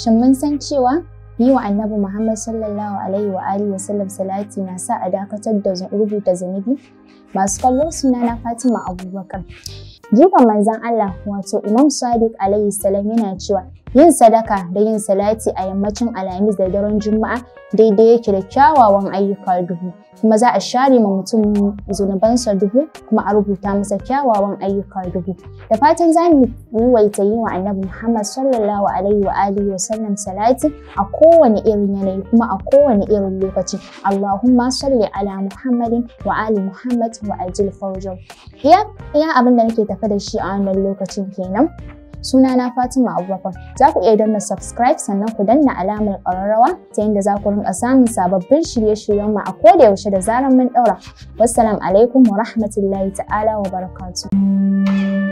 Shin mun san cewa yi wa Annabi Muhammad sallallahu alaihi wa alihi wasallam salati na sa a dakatar da rubuta zunubi? Masu kallo suna na Fatima Abubakar. Jikan manzon Allah wato Imam Sadiq alaihi salam yana cewa Yin sadaka da yin salati a yammacin Alhamis da daren Juma'a daidai yake da kyawawan ayyuka dubu, kuma za a share ma mutum zunubansa dubu kuma a rubuta masa kyawawan ayyuka dubu. Da fatan za mu ruwaita yi wa Annabi Muhammad sallallahu alaihi wa alihi wa sallam salati a kowane irin yanayi kuma a kowane irin lokaci. Allahumma salli ala Muhammadin wa ali Muhammad wa ajil farjau. Iya iya abin da nake tafe da shi a wannan lokacin kenan. sunana Fatima Abubakar. Za ku iya danna subscribe sannan ku danna alamar ƙararrawa ta yadda za ku rinƙa samun sababbin shirye-shiryen mu a koda yaushe da zarar mun ɗaura. Wassalamu alaikum wa rahmatullahi ta'ala wa barakatuh.